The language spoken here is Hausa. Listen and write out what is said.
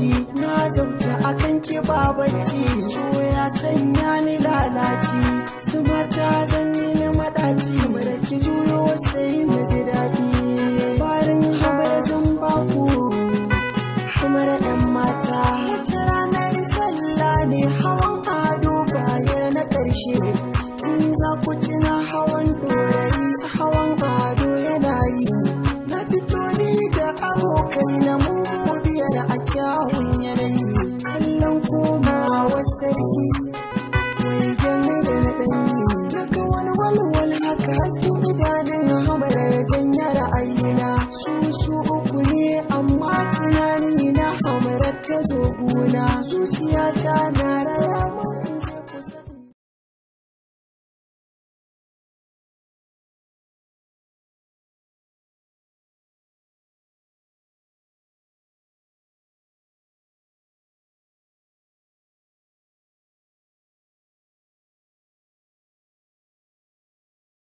na zauta a kan kiba so ya sanya ni lalaci su mata zan na madaci da ki juyo sai na ji daɗi farin habar zan ku kamar 'yan mata wata ranar sallah ne hawan ado baya na ƙarshe in za ku tuna hawan dorari hawan ado yana yi na fito ni da abokai na mu ka hasken idanun hamara ya janya ra'ayina su su uku ne amma tunani na hamara ka zo gona zuciyata na